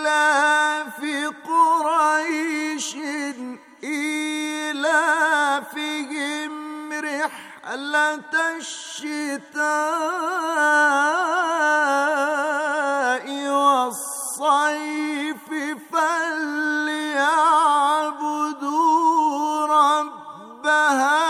إلاف قريش إلافهم رحلة الشتاء والصيف فليعبدوا رب هذا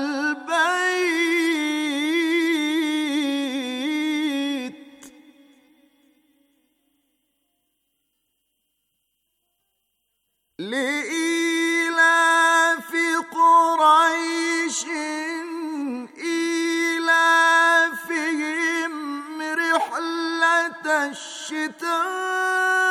الشتاء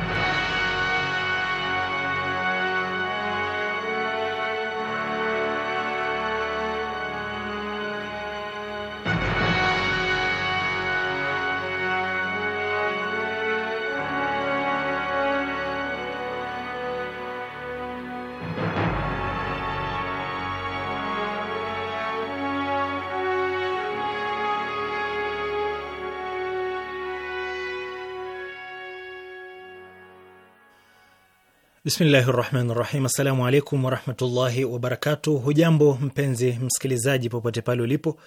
Bismillahi rahmani rahim. Assalamu alaikum warahmatullahi wabarakatu. Hujambo mpenzi msikilizaji, popote pale ulipo,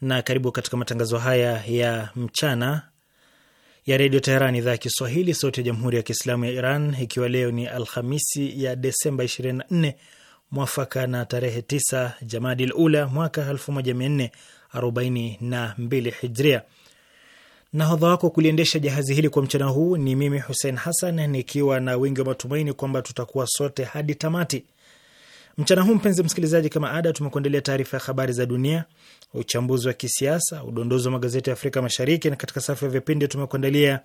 na karibu katika matangazo haya ya mchana ya redio Teheran, idhaa ya Kiswahili, sauti ya jamhuri ya kiislamu ya Iran, ikiwa leo ni Alhamisi ya Desemba 24 mwafaka na tarehe 9 Jamadil Ula mwaka 1442 Hijria. Nahodha wako kuliendesha jahazi hili kwa mchana huu ni mimi Hussein Hassan, nikiwa na wingi wa matumaini kwamba tutakuwa sote hadi tamati mchana huu. Mpenzi msikilizaji, kama ada, tumekuandalia taarifa ya habari za dunia, uchambuzi wa kisiasa, udondozi wa magazeti ya Afrika Mashariki, na katika safu ya vipindi tumekuandalia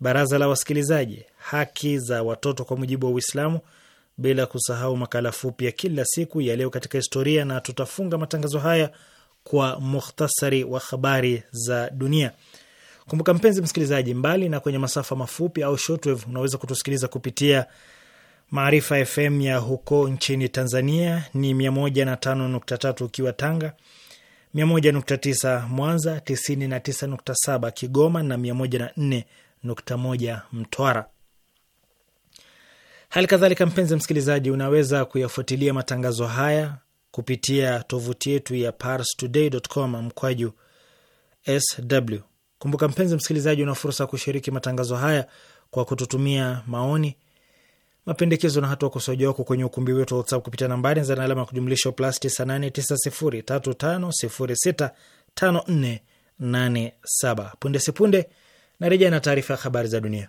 baraza la wasikilizaji, haki za watoto kwa mujibu wa Uislamu, bila kusahau makala fupi ya kila siku ya leo katika historia, na tutafunga matangazo haya kwa mukhtasari wa habari za dunia. Kumbuka mpenzi msikilizaji, mbali na kwenye masafa mafupi au shortwave, unaweza kutusikiliza kupitia Maarifa FM ya huko nchini Tanzania ni 105.3 ukiwa Tanga, 101.9 Mwanza, 99.7 Kigoma na 104.1 Mtwara. Hali kadhalika, mpenzi msikilizaji, unaweza kuyafuatilia matangazo haya kupitia tovuti yetu ya parstoday.com mkwaju sw Kumbuka mpenzi msikilizaji, una fursa ya kushiriki matangazo haya kwa kututumia maoni, mapendekezo na hata ukosoaji wako kwenye ukumbi wetu wa WhatsApp kupitia nambari za alama ya kujumlisha plus 989035065487. Punde sipunde narejea na taarifa ya habari za dunia.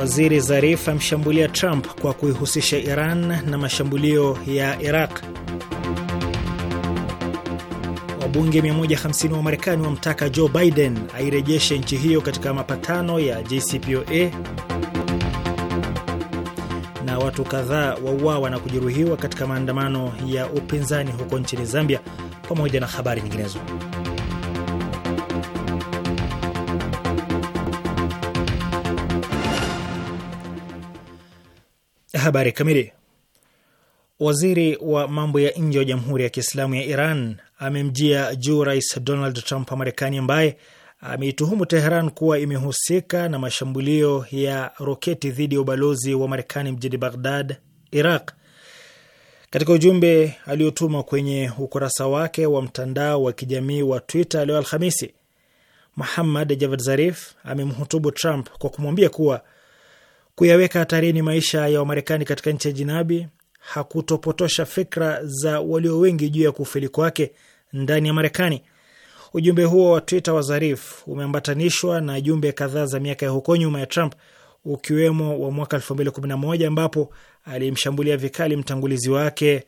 Waziri Zarif amshambulia Trump kwa kuihusisha Iran na mashambulio ya Iraq. Wabunge 150 wa Marekani wamtaka Joe Biden airejeshe nchi hiyo katika mapatano ya JCPOA. Na watu kadhaa wauawa na kujeruhiwa katika maandamano ya upinzani huko nchini Zambia, pamoja na habari nyinginezo. Habari kamili. Waziri wa mambo ya nje wa Jamhuri ya Kiislamu ya Iran amemjia juu Rais Donald Trump wa Marekani, ambaye ameituhumu Teheran kuwa imehusika na mashambulio ya roketi dhidi ya ubalozi wa Marekani mjini Baghdad, Iraq. Katika ujumbe aliotuma kwenye ukurasa wake wa mtandao wa kijamii wa Twitter leo Alhamisi, Muhammad Javad Zarif amemhutubu Trump kwa kumwambia kuwa kuyaweka hatarini maisha ya Wamarekani katika nchi ya jinabi hakutopotosha fikra za walio wengi juu ya kufeli kwake ndani ya Marekani. Ujumbe huo wa Twitter wa Zarif umeambatanishwa na jumbe kadhaa za miaka ya huko nyuma ya Trump, ukiwemo wa mwaka 2011 ambapo alimshambulia vikali mtangulizi wake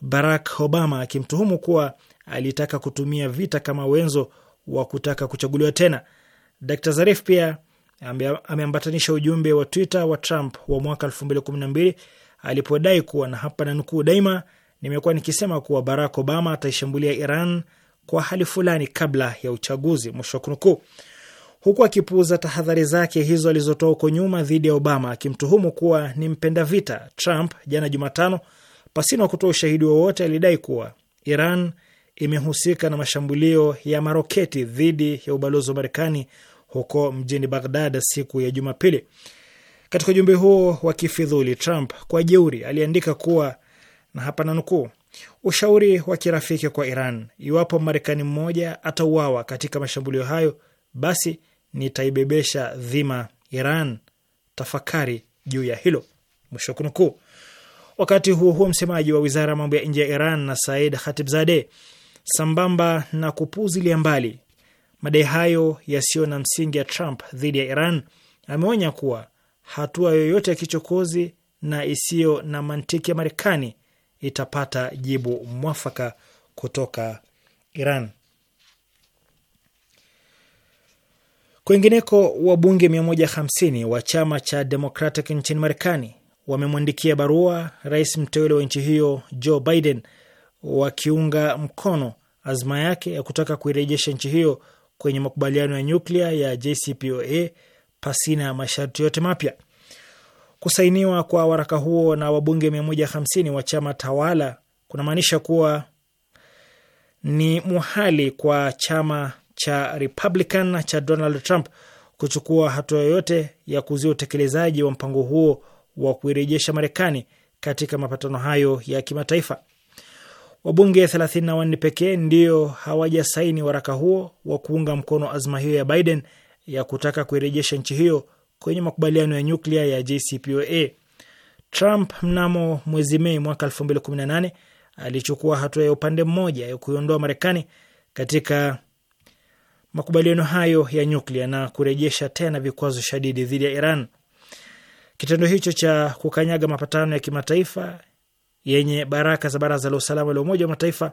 Barack Obama, akimtuhumu kuwa alitaka kutumia vita kama wenzo wa kutaka kuchaguliwa tena. Dr Zarif pia ameambatanisha ujumbe wa Twitter wa Trump wa mwaka mbili alipodai kuwa na hapa na nukuu, daima nimekuwa nikisema kuwa Barack Obama ataishambulia Iran kwa hali fulani kabla ya uchaguzi, mwisho wa kunukuu, huku akipuuza tahadhari zake hizo alizotoa huko nyuma dhidi ya Obama, akimtuhumu kuwa ni mpenda vita. Trump jana Jumatano, pasina kutoa ushahidi wowote, alidai kuwa Iran imehusika na mashambulio ya maroketi dhidi ya ubalozi wa Marekani huko mjini Baghdad siku ya Jumapili. Katika ujumbe huo wa kifidhuli, Trump kwa jeuri aliandika kuwa na hapa nukuu, ushauri wa kirafiki kwa Iran, iwapo Marekani mmoja atauawa katika mashambulio hayo, basi nitaibebesha dhima Iran. Tafakari juu ya hilo, mwisho kunukuu. Wakati huo huo, msemaji wa wizara ya mambo ya nje ya Iran na Said Khatibzadeh, sambamba na kupuzilia mbali madai hayo yasiyo na msingi ya Trump dhidi ya Iran, ameonya kuwa hatua yoyote ya kichokozi na isiyo na mantiki ya Marekani itapata jibu mwafaka kutoka Iran. Kwingineko, wabunge 150 wa chama cha Democratic nchini Marekani wamemwandikia barua rais mteule wa nchi hiyo Joe Biden wakiunga mkono azma yake ya kutaka kuirejesha nchi hiyo kwenye makubaliano ya nyuklia ya JCPOA pasina ya masharti yote mapya. Kusainiwa kwa waraka huo na wabunge 150 wa chama tawala kunamaanisha kuwa ni muhali kwa chama cha Republican cha Donald Trump kuchukua hatua yoyote ya kuzuia utekelezaji wa mpango huo wa kuirejesha Marekani katika mapatano hayo ya kimataifa. Wabunge 34 pekee ndio hawajasaini waraka huo wa kuunga mkono azma hiyo ya Biden ya kutaka kuirejesha nchi hiyo kwenye makubaliano ya nyuklia ya JCPOA. Trump mnamo mwezi Mei mwaka 2018 alichukua hatua ya upande mmoja ya kuiondoa Marekani katika makubaliano hayo ya nyuklia na kurejesha tena vikwazo shadidi dhidi ya Iran. Kitendo hicho cha kukanyaga mapatano ya kimataifa yenye baraka za Baraza la Usalama la Umoja wa Mataifa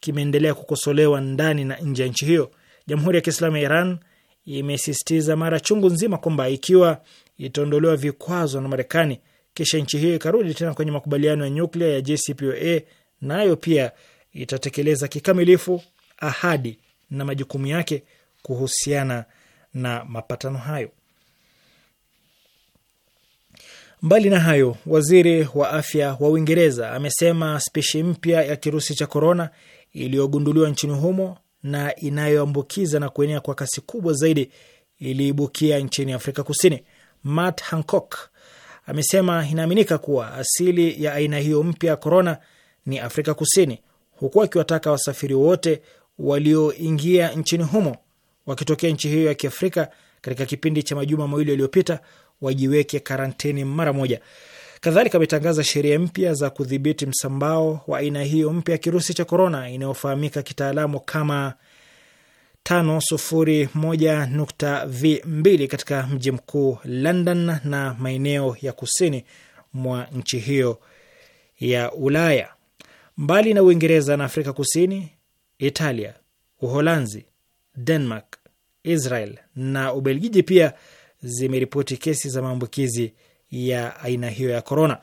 kimeendelea kukosolewa ndani na nje ya nchi hiyo. Jamhuri ya Kiislamu ya Iran imesisitiza mara chungu nzima kwamba ikiwa itaondolewa vikwazo na Marekani kisha nchi hiyo ikarudi tena kwenye makubaliano ya nyuklia ya JCPOA, nayo pia itatekeleza kikamilifu ahadi na majukumu yake kuhusiana na mapatano hayo. Mbali na hayo, waziri wa afya wa Uingereza amesema spishi mpya ya kirusi cha korona iliyogunduliwa nchini humo na inayoambukiza na kuenea kwa kasi kubwa zaidi iliibukia nchini Afrika Kusini. Matt Hancock amesema inaaminika kuwa asili ya aina hiyo mpya ya korona ni Afrika Kusini, huku akiwataka wasafiri wote walioingia nchini humo wakitokea nchi hiyo ya kiafrika katika kipindi cha majuma mawili yaliyopita wajiweke karantini mara moja. Kadhalika ametangaza sheria mpya za kudhibiti msambao wa aina hiyo mpya ya kirusi cha korona inayofahamika kitaalamu kama 501.v2 katika mji mkuu London na maeneo ya kusini mwa nchi hiyo ya Ulaya. Mbali na Uingereza na Afrika Kusini, Italia, Uholanzi, Denmark, Israel na Ubelgiji pia zimeripoti kesi za maambukizi ya aina hiyo ya korona.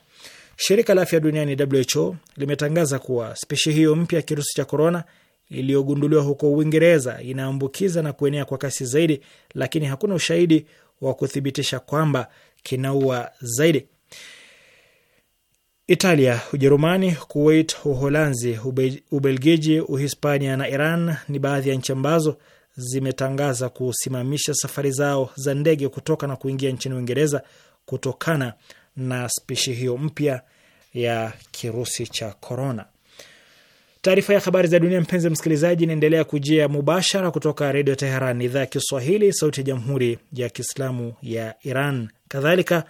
Shirika la afya duniani WHO limetangaza kuwa spishi hiyo mpya ya kirusi cha korona iliyogunduliwa huko Uingereza inaambukiza na kuenea kwa kasi zaidi, lakini hakuna ushahidi wa kuthibitisha kwamba kinaua zaidi. Italia, Ujerumani, Kuwait, Uholanzi, Ubelgiji, Uhispania na Iran ni baadhi ya nchi ambazo zimetangaza kusimamisha safari zao za ndege kutoka na kuingia nchini Uingereza kutokana na spishi hiyo mpya ya kirusi cha korona. Taarifa ya habari za dunia, mpenzi msikilizaji, inaendelea kujia mubashara kutoka Redio Teheran, idhaa ya Kiswahili, sauti ya jamhuri ya kiislamu ya Iran. Kadhalika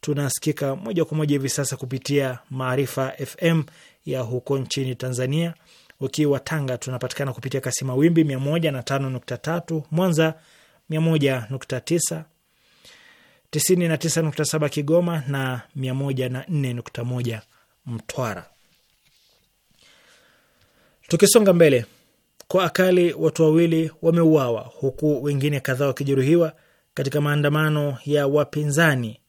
tunasikika moja kwa moja hivi sasa kupitia Maarifa FM ya huko nchini Tanzania ukiwa Tanga tunapatikana kupitia kasi mawimbi mia moja na tano nukta tatu, Mwanza mia moja nukta tisa, tisini na tisa nukta saba Kigoma na mia moja na nne nukta moja Mtwara. Tukisonga mbele, kwa akali watu wawili wameuawa huku wengine kadhaa wakijeruhiwa katika maandamano ya wapinzani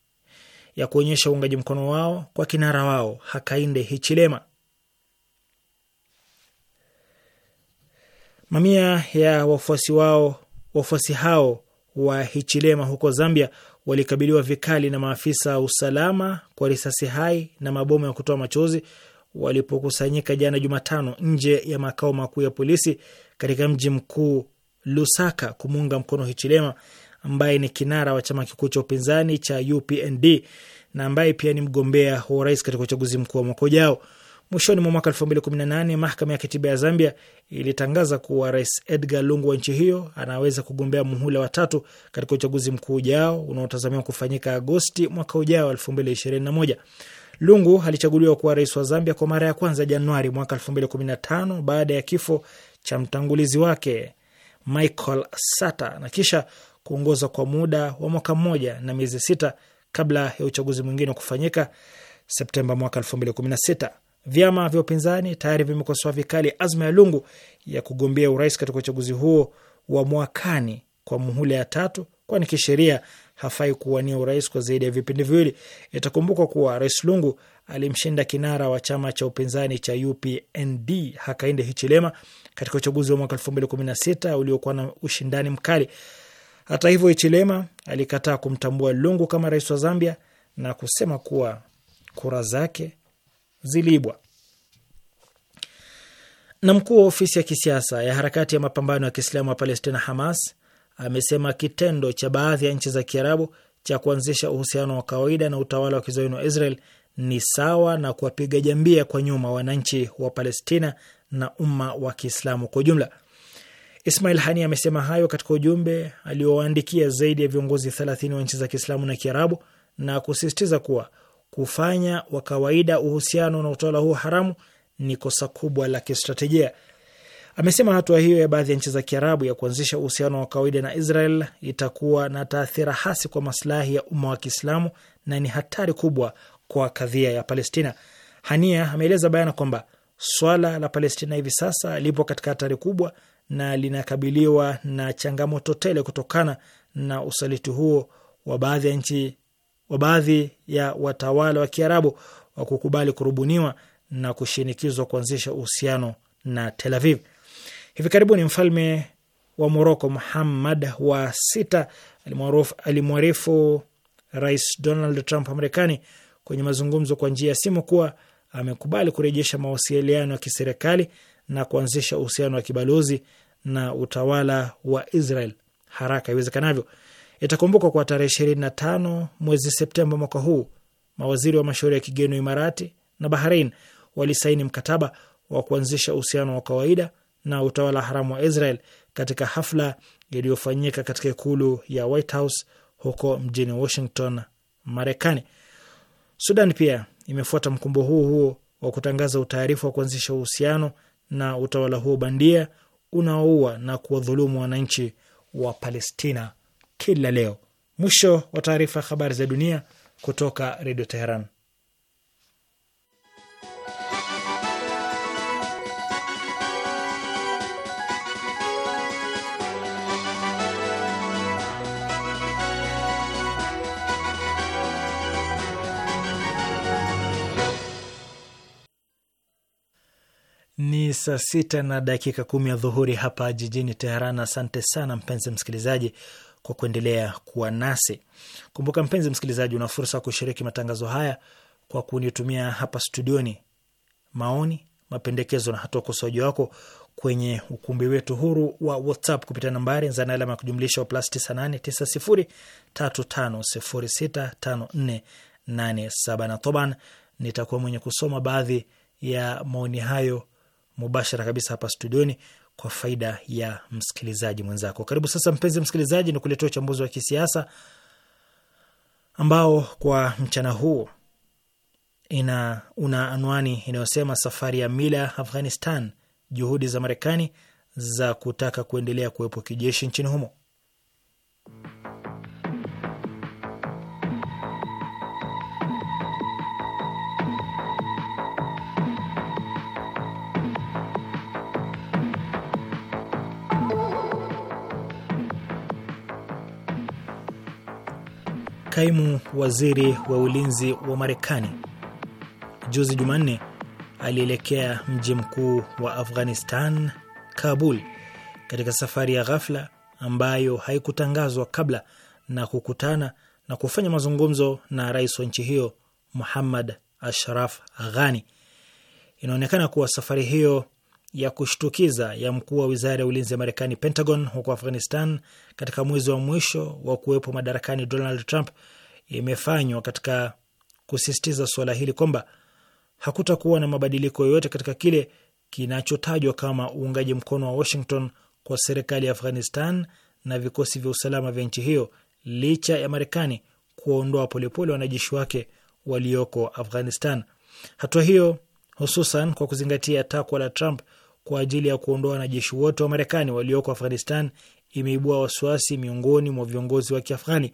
ya kuonyesha uungaji mkono wao kwa kinara wao Hakainde Hichilema. Mamia ya wafuasi wao wafuasi hao wa Hichilema huko Zambia walikabiliwa vikali na maafisa usalama kwa risasi hai na mabomu ya kutoa machozi walipokusanyika jana Jumatano nje ya makao makuu ya polisi katika mji mkuu Lusaka kumuunga mkono Hichilema ambaye ni kinara wa chama kikuu cha upinzani cha UPND na ambaye pia ni mgombea wa urais katika uchaguzi mkuu wa mwaka ujao. Mwishoni mwa mwaka 2018 mahakama ya katiba ya Zambia ilitangaza kuwa Rais Edgar Lungu wa nchi hiyo anaweza kugombea muhula watatu katika uchaguzi mkuu ujao unaotazamiwa kufanyika Agosti mwaka ujao 2021. Lungu alichaguliwa kuwa rais wa Zambia kwa mara ya kwanza Januari mwaka 2015 baada ya kifo cha mtangulizi wake Michael Sata na kisha kuongoza kwa muda wa mwaka mmoja na miezi sita kabla ya uchaguzi mwingine kufanyika Septemba mwaka 216 Vyama vya upinzani tayari vimekosoa vikali azma ya Lungu ya kugombea urais katika uchaguzi huo wa mwakani kwa muhula ya tatu, kwani kisheria hafai kuwania urais kwa zaidi ya vipindi viwili. Itakumbukwa kuwa Rais Lungu alimshinda kinara wa chama cha upinzani cha UPND Hakainde Hichilema katika uchaguzi wa mwaka elfu mbili kumi na sita uliokuwa na ushindani mkali. Hata hivyo, Hichilema alikataa kumtambua Lungu kama rais wa Zambia na kusema kuwa kura zake ziliibwa. Na mkuu wa ofisi ya kisiasa ya harakati ya mapambano ya Kiislamu ya Palestina, Hamas, amesema kitendo cha baadhi ya nchi za Kiarabu cha kuanzisha uhusiano wa kawaida na utawala wa kizayuni wa Israel ni sawa na kuwapiga jambia kwa nyuma wananchi wa Palestina na umma wa Kiislamu kwa ujumla. Ismail Hani amesema hayo katika ujumbe aliowaandikia zaidi ya viongozi 30 wa nchi za Kiislamu na Kiarabu na kusisitiza kuwa kufanya wa kawaida uhusiano na utawala huo haramu ni kosa kubwa la kistratejia. Amesema hatua hiyo ya baadhi ya nchi za Kiarabu ya kuanzisha uhusiano wa kawaida na Israel itakuwa na taathira hasi kwa masilahi ya umma wa Kiislamu na ni hatari kubwa kwa kadhia ya Palestina. Hania ameeleza bayana kwamba swala la Palestina hivi sasa lipo katika hatari kubwa na linakabiliwa na changamoto tele kutokana na usaliti huo wa baadhi ya nchi wa baadhi ya watawala wa Kiarabu wa kukubali kurubuniwa na kushinikizwa kuanzisha uhusiano na Tel Aviv. Hivi karibuni mfalme wa Moroko Muhammad wa sita alimwarifu Rais Donald Trump wa Marekani kwenye mazungumzo kwa njia ya simu kuwa amekubali kurejesha mawasiliano ya kiserikali na kuanzisha uhusiano wa kibalozi na utawala wa Israel haraka iwezekanavyo. Itakumbukwa kwa tarehe ishirini tano mwezi Septemba mwaka huu mawaziri wa mashauri ya kigeni Imarati na Bahrain walisaini mkataba wa kuanzisha uhusiano wa kawaida na utawala haramu wa Israel katika hafla iliyofanyika katika ikulu ya White House huko mjini Washington, Marekani. Sudan pia imefuata mkumbo huu huo wa kutangaza utaarifu wa kuanzisha uhusiano na utawala huo bandia unaoua na kuwadhulumu wananchi wa Palestina kila leo. Mwisho wa taarifa ya habari za dunia kutoka Redio Teheran. Ni saa sita na dakika kumi ya dhuhuri hapa jijini Teheran. Asante sana mpenzi msikilizaji kwa kuendelea kuwa nasi. Kumbuka mpenzi msikilizaji, una fursa ya kushiriki matangazo haya kwa kunitumia hapa studioni maoni, mapendekezo na hata ukosoaji wako kwenye ukumbi wetu huru wa WhatsApp kupitia nambari zana alama ya kujumlisha plus 989035065487 na toban. Nitakuwa mwenye kusoma baadhi ya maoni hayo mubashara kabisa hapa studioni kwa faida ya msikilizaji mwenzako. Karibu sasa, mpenzi msikilizaji, ni kuletea uchambuzi wa kisiasa ambao kwa mchana huu ina una anwani inayosema safari ya Mila Afghanistan, juhudi za Marekani za kutaka kuendelea kuwepo kijeshi nchini humo. kaimu waziri wa ulinzi wa Marekani juzi Jumanne alielekea mji mkuu wa Afghanistan, Kabul, katika safari ya ghafla ambayo haikutangazwa kabla na kukutana na kufanya mazungumzo na rais wa nchi hiyo Muhammad Ashraf Ghani. Inaonekana kuwa safari hiyo ya kushtukiza ya mkuu wa wizara ya ulinzi ya Marekani, Pentagon, huko Afghanistan katika mwezi wa mwisho wa kuwepo madarakani Donald Trump imefanywa katika kusisitiza suala hili kwamba hakutakuwa na mabadiliko yoyote katika kile kinachotajwa kama uungaji mkono wa Washington kwa serikali ya Afghanistan na vikosi vya usalama vya nchi hiyo licha ya Marekani kuwaondoa polepole wanajeshi wake walioko Afghanistan. Hatua hiyo hususan kwa kuzingatia takwa la Trump kwa ajili ya kuondoa wanajeshi wote wa Marekani walioko Afghanistan imeibua wasiwasi miongoni mwa viongozi wa Kiafghani,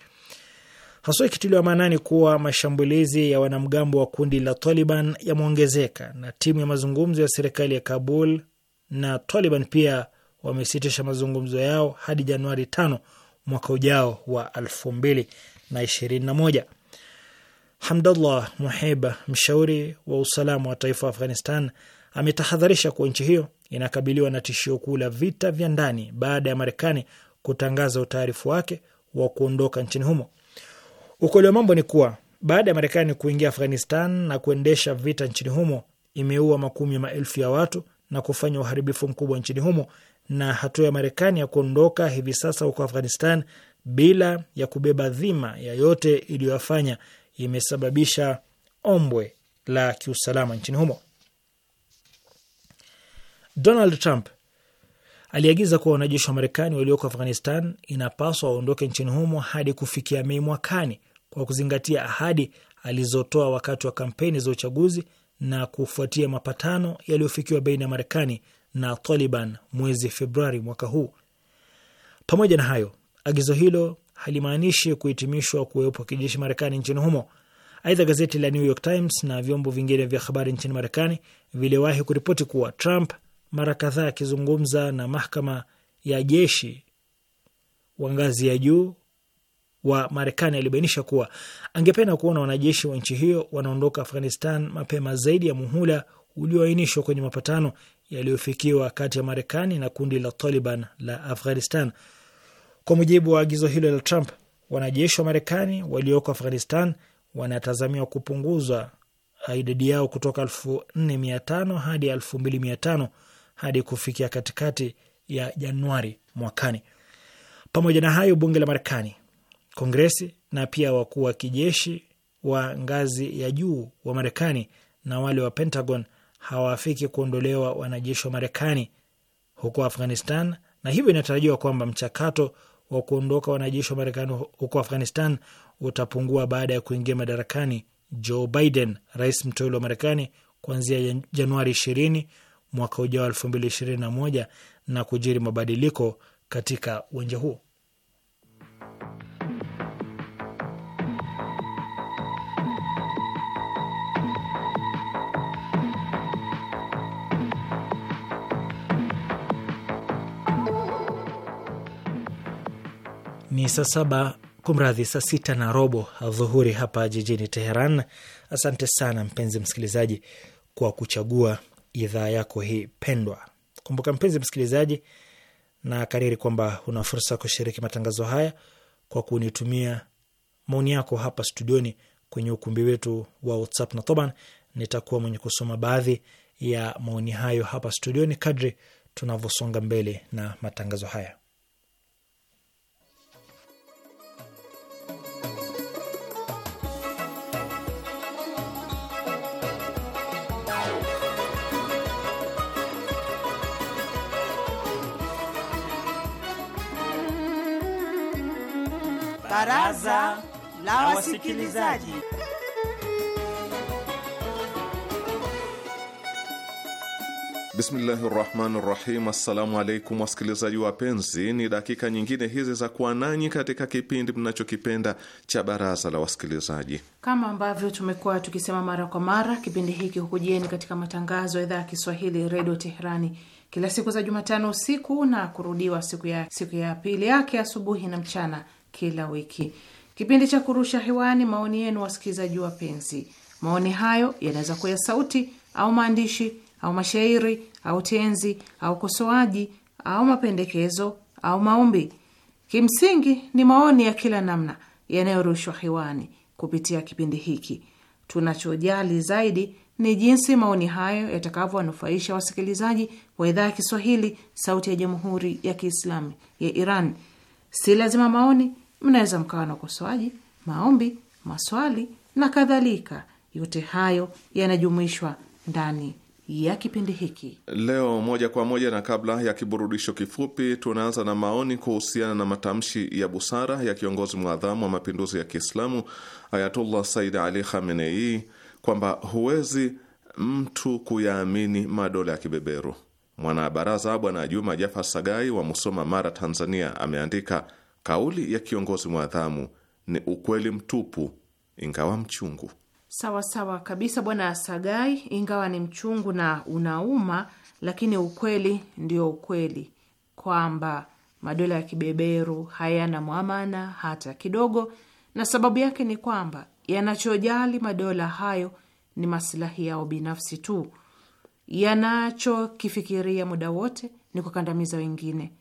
haswa ikitiliwa maanani kuwa mashambulizi ya wanamgambo wa kundi la Taliban yameongezeka na timu ya mazungumzo ya serikali ya Kabul na Taliban pia wamesitisha mazungumzo yao hadi Januari tano mwaka ujao wa elfu mbili na ishirini na moja. Hamdullah Muheba, mshauri wa usalama wa taifa wa Afghanistan, ametahadharisha kuwa nchi hiyo inakabiliwa na tishio kuu la vita vya ndani baada ya Marekani kutangaza utaarifu wake wa kuondoka nchini humo. Ukweli wa mambo ni kuwa baada ya Marekani kuingia Afghanistan na kuendesha vita nchini humo, imeua makumi maelfu ya watu na kufanya uharibifu mkubwa nchini humo, na hatua ya Marekani ya kuondoka hivi sasa huko Afghanistan bila ya kubeba dhima ya yote iliyoyafanya imesababisha ombwe la kiusalama nchini humo. Donald Trump aliagiza kuwa wanajeshi wa Marekani walioko Afghanistan inapaswa waondoke nchini humo hadi kufikia Mei mwakani kwa kuzingatia ahadi alizotoa wakati wa kampeni za uchaguzi na kufuatia mapatano yaliyofikiwa baina ya Marekani na Taliban mwezi Februari mwaka huu. Pamoja na hayo, agizo hilo halimaanishi kuhitimishwa kuwepo kijeshi Marekani nchini humo. Aidha, gazeti la New York Times na vyombo vingine vya habari nchini Marekani viliwahi kuripoti kuwa Trump mara kadhaa akizungumza na mahakama ya jeshi wa ngazi ya juu wa Marekani alibainisha kuwa angependa kuona wanajeshi wa nchi hiyo wanaondoka Afghanistan mapema zaidi ya muhula ulioainishwa kwenye mapatano yaliyofikiwa kati ya Marekani na kundi la Taliban la Afghanistan. Kwa mujibu wa agizo hilo la Trump, wanajeshi wa Marekani walioko Afghanistan wanatazamiwa kupunguzwa idadi yao kutoka elfu nne mia tano hadi elfu mbili mia tano hadi kufikia katikati ya Januari mwakani. Pamoja na hayo, bunge la Marekani, Kongresi na pia wakuu wa kijeshi wa ngazi ya juu wa Marekani na wale wa Pentagon hawafiki kuondolewa wanajeshi wa Marekani huko Afghanistan, na hivyo inatarajiwa kwamba mchakato wa kuondoka wanajeshi wa Marekani huko Afghanistan utapungua baada ya kuingia madarakani Joe Biden, rais mteule wa Marekani, kuanzia Januari ishirini mwaka ujao elfu mbili ishirini na moja na kujiri mabadiliko katika uwanja huo. Ni saa saba kumradhi, saa sita na robo adhuhuri hapa jijini Teheran. Asante sana mpenzi msikilizaji kwa kuchagua idhaa yako hii pendwa. Kumbuka mpenzi msikilizaji, na kariri kwamba una fursa kushiriki matangazo haya kwa kunitumia maoni yako hapa studioni kwenye ukumbi wetu wa WhatsApp na Toban. Nitakuwa mwenye kusoma baadhi ya maoni hayo hapa studioni kadri tunavyosonga mbele na matangazo haya. Baraza la Wasikilizaji. Bismillahi rahmani rahim. Assalamu alaikum wasikilizaji wapenzi, ni dakika nyingine hizi za kuwa nanyi katika kipindi mnachokipenda cha baraza la wasikilizaji. Kama ambavyo tumekuwa tukisema mara kwa mara, kipindi hiki hukujieni katika matangazo ya idhaa ya Kiswahili redio Teherani kila siku za Jumatano usiku na kurudiwa siku ya siku ya pili yake asubuhi na mchana kila wiki. Kipindi cha kurusha hewani maoni yenu, wasikilizaji wapenzi. Maoni hayo yanaweza kuwa ya sauti au maandishi au mashairi au tenzi au kosoaji au mapendekezo au maombi. Kimsingi ni maoni ya kila namna yanayorushwa hewani kupitia kipindi hiki. Tunachojali zaidi ni jinsi maoni hayo yatakavyowanufaisha wasikilizaji wa idhaa ya Kiswahili, Sauti ya Jamhuri ya Kiislamu ya Iran. Si lazima maoni mnaweza mkawa na ukosoaji, maombi, maswali na kadhalika. Yote hayo yanajumuishwa ndani ya kipindi hiki leo moja kwa moja. Na kabla ya kiburudisho kifupi, tunaanza na maoni kuhusiana na matamshi ya busara ya kiongozi mwadhamu wa mapinduzi ya Kiislamu Ayatullah Said Ali Khamenei kwamba huwezi mtu kuyaamini madola ya kibeberu. Mwanabaraza Bwana Juma Jafar Sagai wa Musoma, Mara, Tanzania ameandika Kauli ya kiongozi mwadhamu ni ukweli mtupu, ingawa mchungu. Sawa sawa kabisa, Bwana Sagai. Ingawa ni mchungu na unauma, lakini ukweli ndio ukweli, kwamba madola ya kibeberu hayana mwamana hata kidogo, na sababu yake ni kwamba yanachojali madola hayo ni masilahi yao binafsi tu. Yanachokifikiria muda wote ni kukandamiza wengine,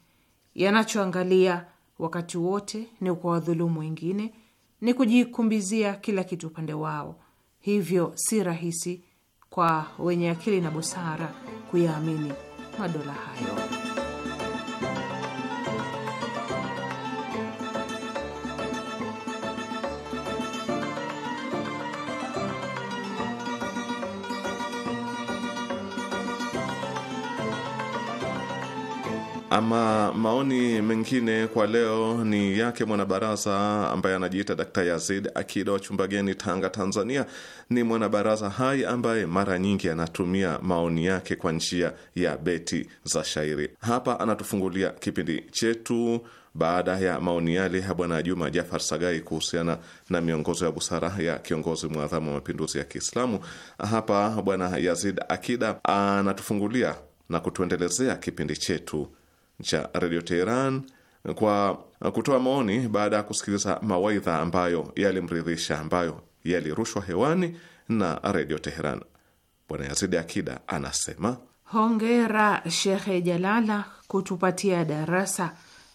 yanachoangalia wakati wote ni kwa wadhulumu wengine, ni kujikumbizia kila kitu upande wao. Hivyo si rahisi kwa wenye akili na busara kuyaamini madola hayo. Ama maoni mengine kwa leo ni yake mwanabaraza ambaye anajiita Dkt. Yazid Akida wa Chumbageni, Tanga, Tanzania. Ni mwanabaraza hai ambaye mara nyingi anatumia maoni yake kwa njia ya beti za shairi. Hapa anatufungulia kipindi chetu baada ya maoni yale ya Bwana Juma Jafar Sagai kuhusiana na miongozo ya busara ya kiongozi mwadhamu wa mapinduzi ya Kiislamu. Hapa Bwana Yazid Akida anatufungulia na kutuendelezea kipindi chetu cha Redio Teheran kwa kutoa maoni baada ya kusikiliza mawaidha ambayo yalimridhisha, ambayo yalirushwa hewani na Redio Teheran. Bwana Yazidi Akida anasema hongera Shekhe Jalala kutupatia darasa,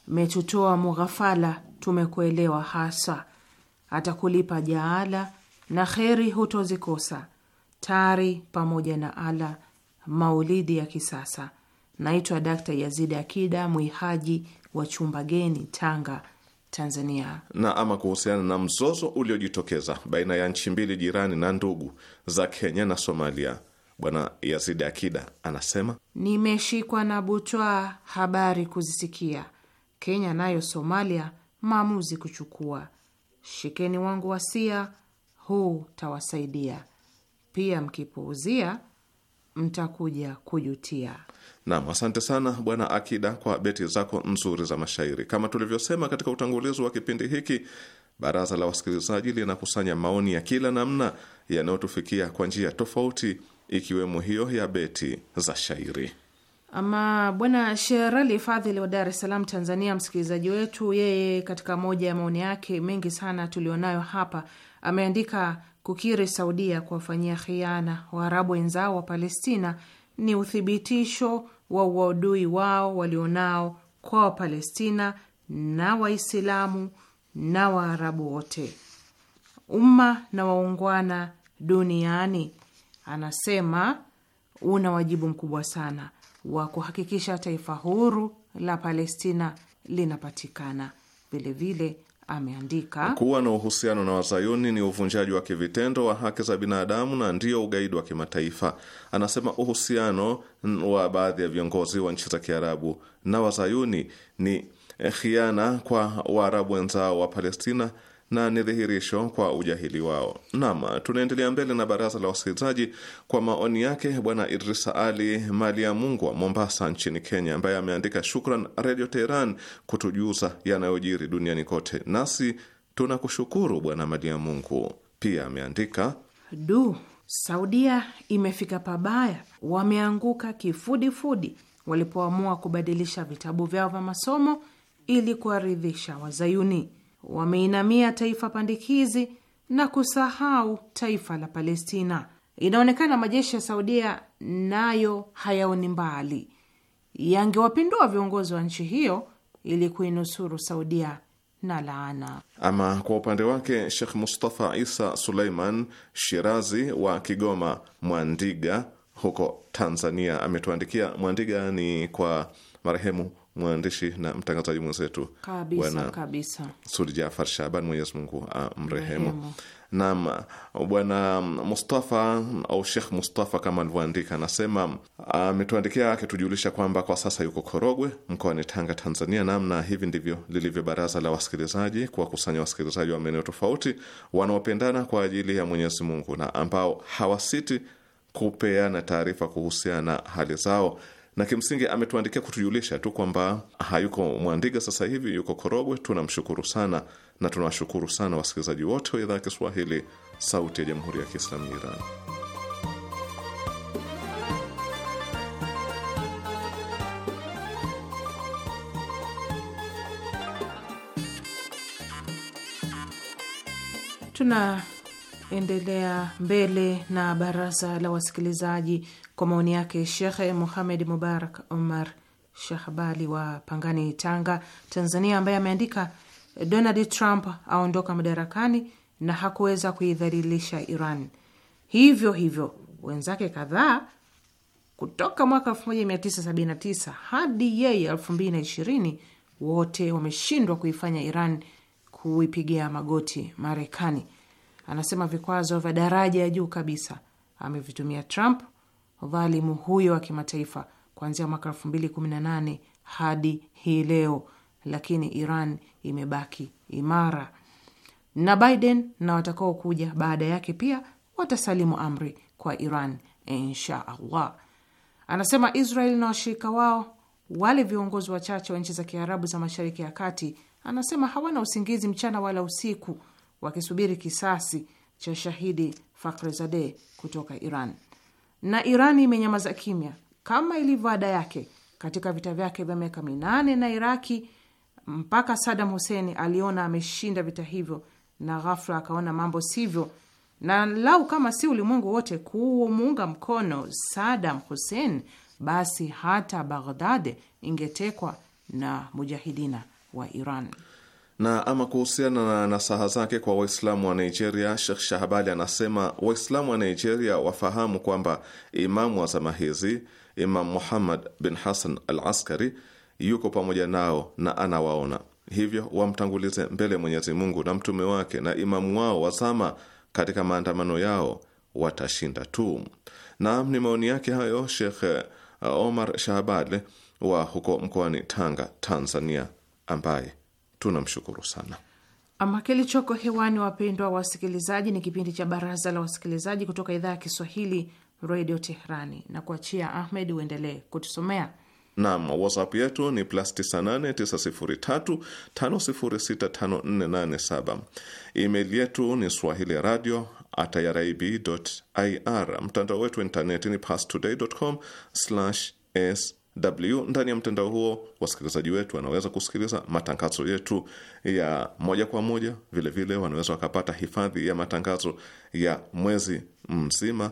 metutoa mughafala, tumekuelewa hasa. Atakulipa jaala na kheri hutozikosa. Tari pamoja na ala, maulidi ya kisasa Naitwa Dakta Yazidi Akida Mwihaji wa chumba geni Tanga, Tanzania. Na ama kuhusiana na mzozo uliojitokeza baina ya nchi mbili jirani na ndugu za Kenya na Somalia, Bwana Yazidi Akida anasema nimeshikwa na butwa habari kuzisikia, Kenya nayo Somalia maamuzi kuchukua. Shikeni wangu wasia, huu tawasaidia, pia mkipuuzia mtakuja kujutia. Nam, asante sana Bwana Akida kwa beti zako nzuri za mashairi. Kama tulivyosema katika utangulizi wa kipindi hiki, baraza la wasikilizaji linakusanya maoni ya kila namna yanayotufikia kwa njia tofauti, ikiwemo hiyo ya beti za shairi. Ama bwana Sherali Fadhili wa Dar es Salaam, Tanzania, msikilizaji wetu, yeye katika moja ya maoni yake mengi sana tulionayo hapa ameandika kukiri Saudia kuwafanyia khiana Waarabu wenzao wa Palestina ni uthibitisho wa uadui wao walionao kwa Wapalestina na Waislamu na Waarabu wote, umma na waungwana duniani, anasema una wajibu mkubwa sana wa kuhakikisha taifa huru la Palestina linapatikana. Vilevile ameandika kuwa na uhusiano na wazayuni ni uvunjaji wa kivitendo wa haki za binadamu na ndio ugaidi wa kimataifa. Anasema uhusiano wa baadhi ya viongozi wa nchi za Kiarabu na wazayuni ni eh, khiana kwa Waarabu wenzao wa Palestina na ni dhihirisho kwa ujahili wao. Naam, tunaendelea mbele na baraza la wasikilizaji kwa maoni yake Bwana Idrisa Ali Mali ya Mungu wa Mombasa nchini Kenya, ambaye ameandika shukran Redio Teheran kutujuza yanayojiri duniani kote, nasi tunakushukuru Bwana Mali ya Mungu. Pia ameandika du, Saudia imefika pabaya, wameanguka kifudifudi walipoamua kubadilisha vitabu vyao vya masomo ili kuwaridhisha Wazayuni wameinamia taifa pandikizi na kusahau taifa la Palestina. Inaonekana majeshi ya Saudia nayo hayaoni mbali, yangewapindua viongozi wa nchi hiyo ili kuinusuru Saudia na laana. Ama kwa upande wake Shekh Mustafa Isa Suleiman Shirazi wa Kigoma Mwandiga huko Tanzania ametuandikia. Mwandiga ni kwa marehemu mwandishi na mtangazaji mwenzetu bwana Sudi Jafar Shaban, Mwenyezi Mungu amrehemu. Ah, Naam, bwana Mustafa au Sheikh Mustafa kama alivyoandika, anasema ah, ametuandikia akitujulisha kwamba kwa sasa yuko Korogwe mkoani Tanga, Tanzania. Namna hivi ndivyo lilivyo baraza la wasikilizaji, kuwakusanya wasikilizaji wa maeneo tofauti wanaopendana kwa ajili ya Mwenyezi Mungu na ambao hawasiti kupeana taarifa kuhusiana na hali zao na kimsingi ametuandikia kutujulisha tu kwamba hayuko Mwandiga sasa hivi, yuko Korogwe. Tunamshukuru sana na tunawashukuru sana wasikilizaji wote wa idhaa ya Kiswahili, Sauti ya Jamhuri ya Kiislamu ya Iran. Tunaendelea mbele na baraza la wasikilizaji kwa maoni yake Shekhe Muhamed Mubarak Omar Shahbali wa Pangani, Tanga, Tanzania, ambaye ameandika Donald Trump aondoka madarakani na hakuweza kuidhalilisha Iran. Hivyo hivyo wenzake kadhaa kutoka mwaka 1979 hadi yeye 2020 wote wameshindwa kuifanya Iran kuipigia magoti Marekani. Anasema vikwazo vya daraja ya juu kabisa amevitumia Trump dhalimu huyo wa kimataifa kuanzia mwaka elfu mbili kumi na nane hadi hii leo, lakini Iran imebaki imara na Biden na watakaokuja baada yake pia watasalimu amri kwa Iran insha Allah. Anasema Israel na washirika wao wale viongozi wachache wa nchi za Kiarabu za Mashariki ya Kati, anasema hawana usingizi mchana wala usiku, wakisubiri kisasi cha shahidi Fakhrizadeh kutoka Iran na Irani imenyamaza kimya kama ilivyo ada yake katika vita vyake vya miaka minane na Iraki mpaka Sadam husen aliona ameshinda vita hivyo, na ghafla akaona mambo sivyo, na lau kama si ulimwengu wote kuumuunga mkono Sadam Hussein, basi hata Baghdad ingetekwa na mujahidina wa Iran. Na ama kuhusiana na nasaha zake kwa Waislamu wa Nigeria, Sheikh Shahbali anasema Waislamu wa Nigeria wafahamu kwamba imamu wa zama hizi, Imam Muhammad bin Hassan al Askari, yuko pamoja nao na anawaona, hivyo wamtangulize mbele Mwenyezi Mungu na mtume wake na imamu wao wa zama katika maandamano yao, watashinda tu. Naam, ni maoni yake hayo Sheikh uh, Omar shahabali wa huko mkoani Tanga, Tanzania, ambaye tunamshukuru sana. Ama kilichoko hewani, wapendwa wasikilizaji, ni kipindi cha Baraza la Wasikilizaji kutoka idhaa ya Kiswahili Radio Teherani, na kuachia Ahmed uendelee kutusomea. Nam, WhatsApp yetu ni plus 989035065487. Email yetu ni swahili radio at irib ir. Mtandao wetu wa intaneti ni pastoday.com s w ndani ya mtandao huo, wasikilizaji wetu wanaweza kusikiliza matangazo yetu ya moja kwa moja. Vilevile wanaweza wakapata hifadhi ya matangazo ya mwezi mzima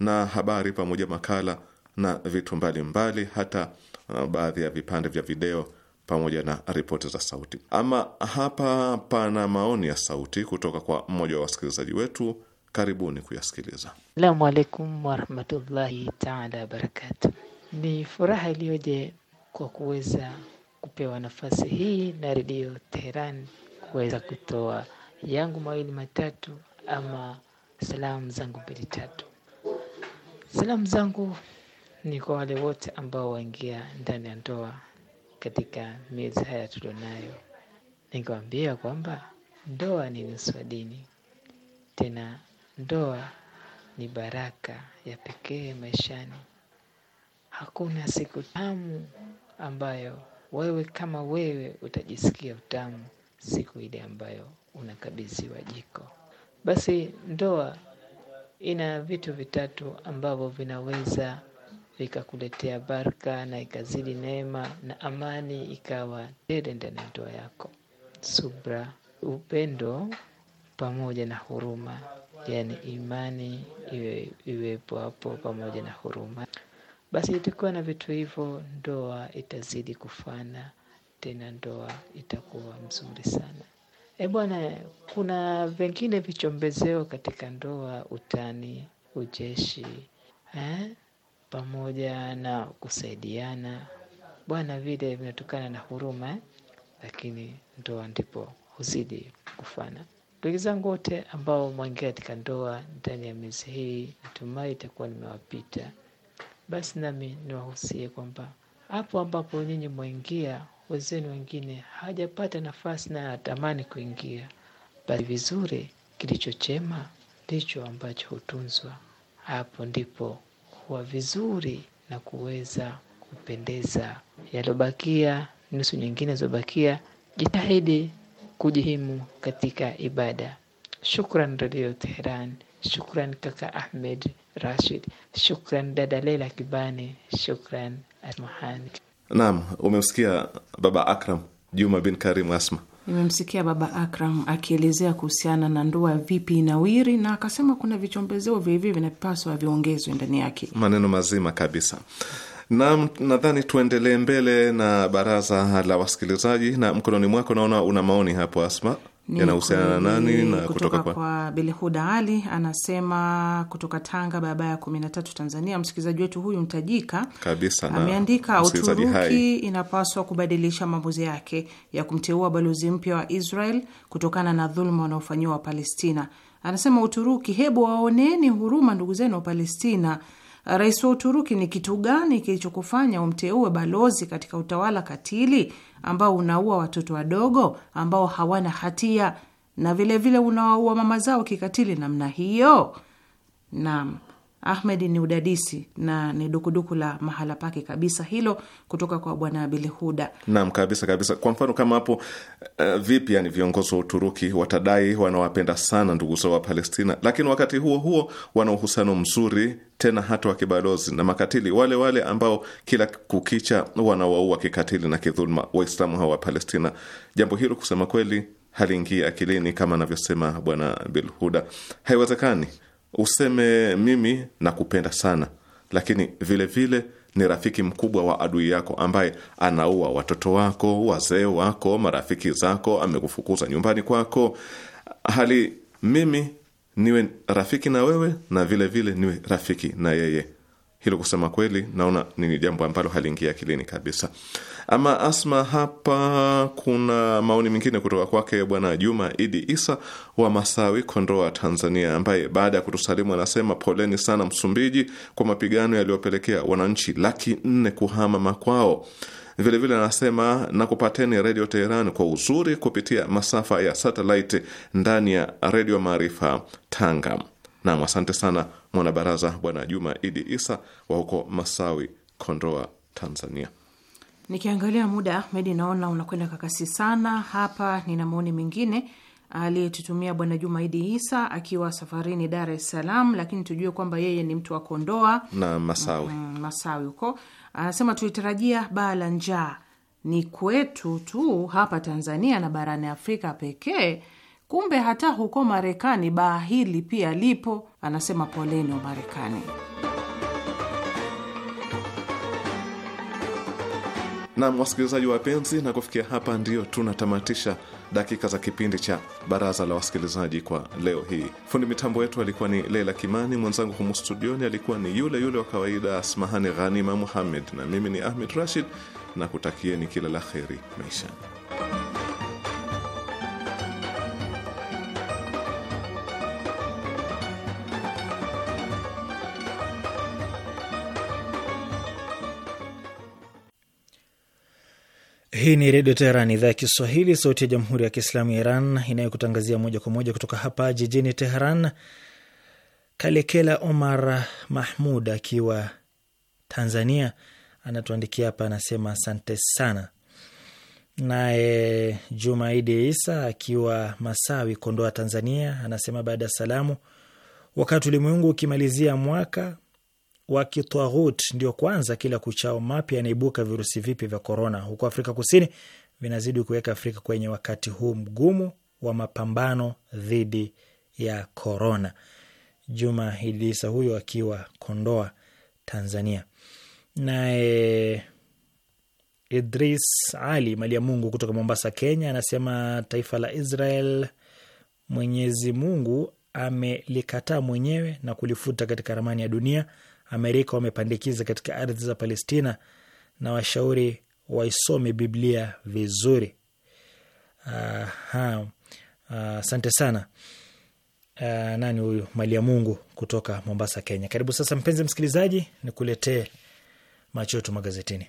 na habari pamoja makala na vitu mbalimbali mbali, hata uh, baadhi ya vipande vya video pamoja na ripoti za sauti. Ama hapa pana maoni ya sauti kutoka kwa mmoja wa wasikilizaji wetu. Karibuni kuyasikiliza. Salamu alaikum warahmatullahi taala ni furaha iliyoje kwa kuweza kupewa nafasi hii na Redio Teheran kuweza kutoa yangu mawili matatu ama salamu zangu mbili tatu. Salamu zangu ni kwa wale wote ambao waingia ndani ya ndoa katika miezi haya tulionayo, ningewaambia kwamba ndoa ni nusu dini, tena ndoa ni baraka ya pekee maishani. Hakuna siku tamu ambayo wewe kama wewe utajisikia utamu siku ile ambayo unakabidhiwa jiko. Basi ndoa ina vitu vitatu ambavyo vinaweza vikakuletea baraka na ikazidi neema na amani ikawa tele ndani ya ndoa yako: subra, upendo pamoja na huruma. Yani imani iwe iwepo hapo pamoja na huruma. Basi tukiwa na vitu hivyo, ndoa itazidi kufana, tena ndoa itakuwa mzuri sana. E bwana, kuna vingine vichombezeo katika ndoa, utani, ujeshi eh, pamoja na kusaidiana bwana, vile vinatokana na huruma eh? Lakini ndoa ndipo huzidi kufana. Ndugu zangu wote ambao mwaingia katika ndoa ndani ya miezi hii, natumai itakuwa nimewapita basi nami niwahusie kwamba hapo ambapo nyinyi mwaingia, wenzenu wengine hajapata nafasi na anatamani kuingia, basi vizuri, kilicho chema ndicho ambacho hutunzwa. Hapo ndipo huwa vizuri na kuweza kupendeza. Yalobakia, nusu nyingine zobakia, jitahidi kujihimu katika ibada. Shukran Radio teheran shukran kaka Ahmed. Rashid. Shukran dada Leila Kibani, shukran Almuhani. Naam, umemsikia Baba Akram Juma bin Karim Asma. Nimemsikia Baba Akram akielezea kuhusiana na ndoa vipi inawiri, na akasema kuna vichombezeo vihivi vinapaswa viongezwe ndani yake, maneno mazima kabisa. Naam, nadhani tuendelee mbele na baraza la wasikilizaji, na mkononi mwako naona una maoni hapo Asma yanahusiana nani? Na kutoka, kutoka kwa, kwa Belehuda Ali anasema kutoka Tanga, barabara ya kumi na tatu, Tanzania. Msikilizaji wetu huyu mtajika kabisa ameandika, Uturuki inapaswa kubadilisha maamuzi yake ya kumteua balozi mpya wa Israel kutokana na dhuluma wanaofanyiwa Wapalestina. Anasema Uturuki, hebu waoneni huruma ndugu zenu wa Palestina rais wa Uturuki ni kitu gani kilichokufanya umteue balozi katika utawala katili ambao unaua watoto wadogo ambao hawana hatia na vilevile unawaua mama zao kikatili namna hiyo? Naam, Ahmed ni udadisi na ni dukuduku la mahala pake kabisa hilo, kutoka kwa bwana Bilhuda. Naam, kabisa kabisa. Kwa mfano kama hapo, uh, vipi yani viongozi wa Uturuki watadai wanawapenda sana ndugu zao wa Palestina, lakini wakati huo huo wana uhusiano mzuri tena hata wa kibalozi na makatili wale wale ambao kila kukicha wanawaua kikatili na kidhuluma Waislamu hawa wa Palestina. Jambo hilo kusema kweli haliingii akilini, kama anavyosema bwana Bilhuda, haiwezekani useme mimi nakupenda sana, lakini vile vile ni rafiki mkubwa wa adui yako ambaye anaua watoto wako, wazee wako, marafiki zako, amekufukuza nyumbani kwako, hali mimi niwe rafiki na wewe na vile vile niwe rafiki na yeye. Hilo kusema kweli, naona ni jambo ambalo haliingia akilini kabisa. Ama Asma, hapa kuna maoni mengine kutoka kwake Bwana Juma Idi Isa wa Masawi, Kondoa, Tanzania, ambaye baada ya kutusalimu anasema poleni sana Msumbiji kwa mapigano yaliyopelekea wananchi laki nne kuhama makwao. Vilevile anasema vile nakupateni Redio Teheran kwa uzuri kupitia masafa ya satelaiti ndani ya Redio Maarifa Tanga. Nam, asante sana mwanabaraza Bwana Juma Idi Isa wa huko Masawi, Kondoa, Tanzania. Nikiangalia muda Medi, naona unakwenda kakasi sana. Hapa nina maoni mengine aliyetutumia Bwana Juma Idi Isa akiwa safarini Dar es Salaam, lakini tujue kwamba yeye ni mtu wa Kondoa na Masawi, mm, mm, Masawi huko. Anasema tulitarajia baa la njaa ni kwetu tu hapa Tanzania na barani Afrika pekee Kumbe hata huko Marekani baa hili pia lipo. Anasema poleni marekani Nam, wasikilizaji wapenzi, na kufikia hapa ndio tunatamatisha dakika za kipindi cha baraza la wasikilizaji kwa leo hii. Fundi mitambo wetu alikuwa ni Leila Kimani, mwenzangu humu studioni alikuwa ni yule yule wa kawaida Asmahani Ghanima Muhammed, na mimi ni Ahmed Rashid na kutakieni kila la kheri maishani. Hii ni Redio Teheran, idhaa ya Kiswahili, sauti ya Jamhuri ya Kiislamu ya Iran, inayokutangazia moja kwa moja kutoka hapa jijini Teheran. Kalekela Omar Mahmud akiwa Tanzania anatuandikia hapa, anasema asante sana. Naye Jumaidi Isa akiwa Masawi, Kondoa, Tanzania, anasema baada ya salamu, wakati ulimwengu ukimalizia mwaka wa kitwaghut ndio kwanza kila kuchao mapya yanaibuka virusi vipi vya korona huko Afrika Kusini vinazidi kuweka Afrika kwenye wakati huu mgumu wa mapambano dhidi ya korona. Juma Idisa huyo akiwa Kondoa, Tanzania. Naye Idris Ali Malia Mungu kutoka Mombasa, Kenya anasema taifa la Israel Mwenyezi Mungu amelikataa mwenyewe na kulifuta katika ramani ya dunia Amerika wamepandikiza katika ardhi za Palestina na washauri waisome Biblia vizuri. Asante sana. Aa, ah, nani huyu mali ya Mungu kutoka Mombasa, Kenya. Karibu sasa, mpenzi msikilizaji, nikuletee macho yetu magazetini.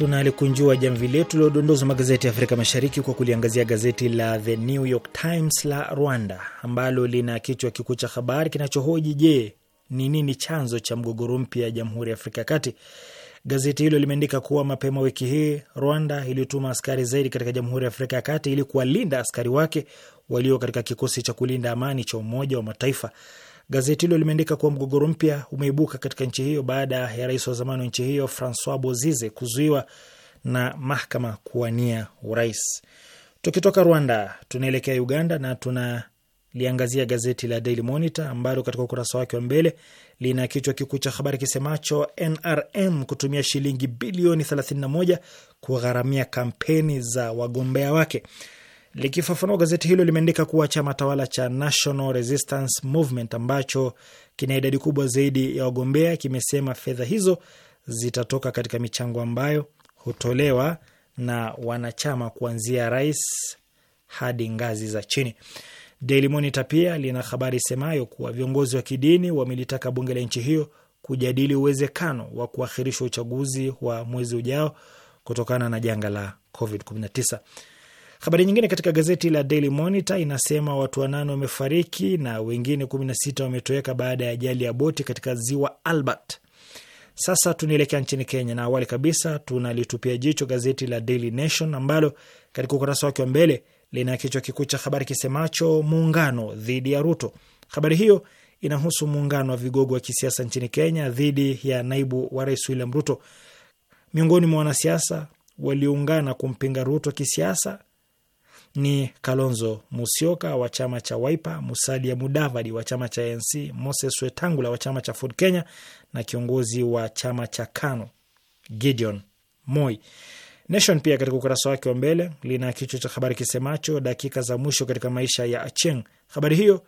tunalikunjua jamvi letu la udondozi wa magazeti ya Afrika Mashariki kwa kuliangazia gazeti la The New York Times la Rwanda ambalo lina kichwa kikuu cha habari kinachohoji je, ni nini chanzo cha mgogoro mpya ya Jamhuri ya Afrika ya Kati? Gazeti hilo limeandika kuwa mapema wiki hii Rwanda ilituma askari zaidi katika Jamhuri ya Afrika ya Kati ili kuwalinda askari wake walio katika kikosi cha kulinda amani cha Umoja wa Mataifa. Gazeti hilo limeandika kuwa mgogoro mpya umeibuka katika nchi hiyo baada ya rais wa zamani wa nchi hiyo Francois Bozize kuzuiwa na mahakama kuwania urais. Tukitoka Rwanda tunaelekea Uganda na tunaliangazia gazeti la Daily Monitor ambalo katika ukurasa wake wa mbele lina kichwa kikuu cha habari kisemacho NRM kutumia shilingi bilioni 31 kugharamia kampeni za wagombea wake. Likifafanua, gazeti hilo limeandika kuwa chama tawala cha National Resistance Movement ambacho kina idadi kubwa zaidi ya wagombea kimesema fedha hizo zitatoka katika michango ambayo hutolewa na wanachama kuanzia rais hadi ngazi za chini. Daily Monitor pia lina habari semayo kuwa viongozi wa kidini wamelitaka bunge la nchi hiyo kujadili uwezekano wa kuahirishwa uchaguzi wa mwezi ujao kutokana na janga la COVID-19. Habari nyingine katika gazeti la Daily Monitor inasema watu wanane wamefariki na wengine sita wametoweka baada ya ajali ya boti katika ziwa Albert. Sasa tunaelekea nchini Kenya, na awali kabisa tunalitupia jicho gazeti la Daily Nation ambalo katika ukurasa wake wa mbele lina kichwa kikuu cha habari kisemacho muungano dhidi ya Ruto. Habari hiyo inahusu muungano wa vigogo wa kisiasa nchini Kenya dhidi ya naibu wa rais William Ruto. Miongoni mwa wanasiasa walioungana kumpinga Ruto kisiasa ni Kalonzo Musyoka wa chama cha Wiper, Musalia Mudavadi wa chama cha ANC, Moses Wetangula wa chama cha Ford Kenya na kiongozi wa chama cha KANU Gideon Moi. Nation pia katika ukurasa wake wa mbele lina kichwa cha habari kisemacho dakika za mwisho katika maisha ya Acheng. Habari hiyo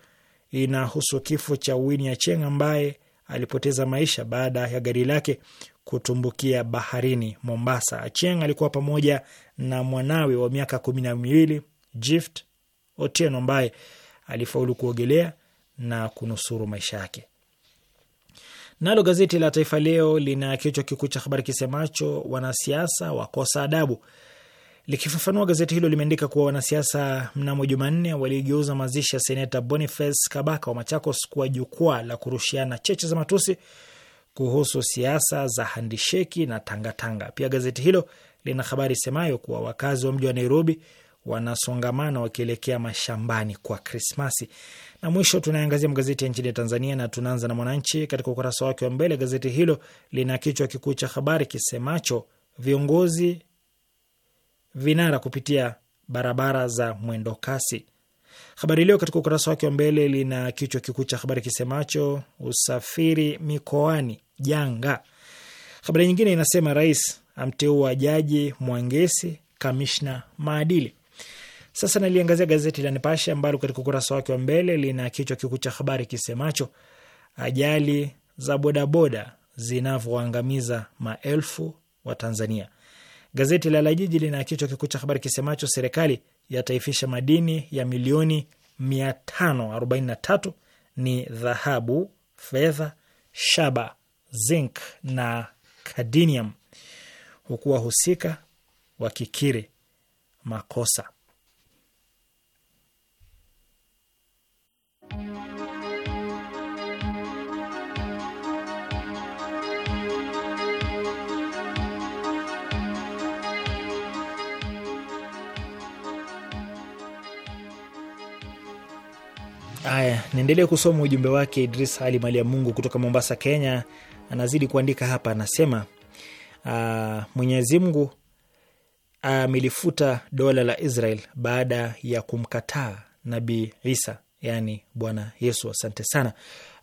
inahusu kifo cha Winnie Acheng ambaye alipoteza maisha baada ya gari lake kutumbukia baharini Mombasa. Acheng alikuwa pamoja na mwanawe wa miaka kumi na miwili Jift Otieno ambaye alifaulu kuogelea na kunusuru maisha yake. Nalo gazeti la Taifa Leo lina kichwa kikuu cha habari kisemacho wanasiasa wakosa adabu. Likifafanua, gazeti hilo limeandika kuwa wanasiasa mnamo Jumanne waligeuza mazishi ya seneta Boniface Kabaka wa Machakos kuwa jukwaa la kurushiana cheche za matusi kuhusu siasa za handisheki na tangatanga tanga. Pia gazeti hilo lina habari semayo kuwa wakazi wa mji wa Nairobi wanasongamana wakielekea mashambani kwa Krismasi. Na mwisho tunaangazia magazeti ya nchini Tanzania na tunaanza na Mwananchi. Katika ukurasa wake wa mbele, gazeti hilo lina kichwa kikuu cha habari kisemacho viongozi vinara kupitia barabara za mwendo kasi. Habari Leo katika ukurasa wake wa mbele lina kichwa kikuu cha habari kisemacho usafiri mikoani janga. Habari nyingine inasema rais amteua jaji Mwangesi kamishna maadili. Sasa naliangazia gazeti la Nipashe ambalo katika ukurasa wake wa mbele lina kichwa kikuu cha habari kisemacho ajali za bodaboda zinavyoangamiza maelfu wa Tanzania. Gazeti la La Jiji lina kichwa kikuu cha habari kisemacho serikali yataifisha madini ya milioni 543 ni dhahabu, fedha, shaba, zinc na cadmium, huku wahusika wakikiri makosa. Haya, niendelee kusoma ujumbe wake. Idris Ali Mali ya Mungu kutoka Mombasa, Kenya, anazidi kuandika hapa, anasema ah, Mwenyezi Mungu amelifuta dola la Israel baada ya kumkataa Nabii Isa yani Bwana Yesu. Asante sana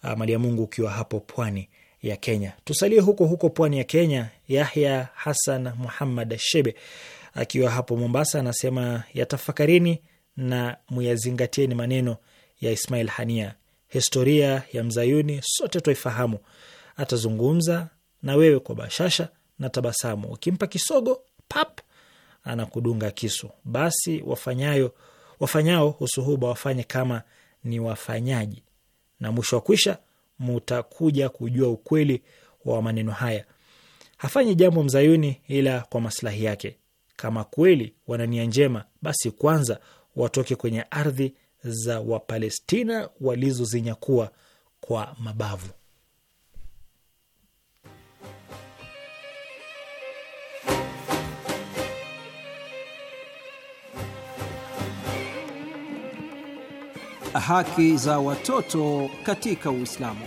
ah, Maria Mungu, ukiwa hapo pwani ya Kenya. Tusalie huko huko pwani ya Kenya. Yahya Hasan Muhammad Shebe akiwa hapo Mombasa anasema yatafakarini na muyazingatieni maneno ya Ismail Hania. Historia ya mzayuni sote twaifahamu, atazungumza na wewe kwa bashasha na tabasamu. Ukimpa kisogo pap, anakudunga kisu. Basi wafanyayo wafanyao usuhuba wafanye kama ni wafanyaji, na mwisho wa kwisha mutakuja kujua ukweli wa maneno haya. Hafanyi jambo mzayuni ila kwa maslahi yake. Kama kweli wana nia njema, basi kwanza watoke kwenye ardhi za Wapalestina walizozinyakua kwa mabavu. Haki za watoto katika Uislamu.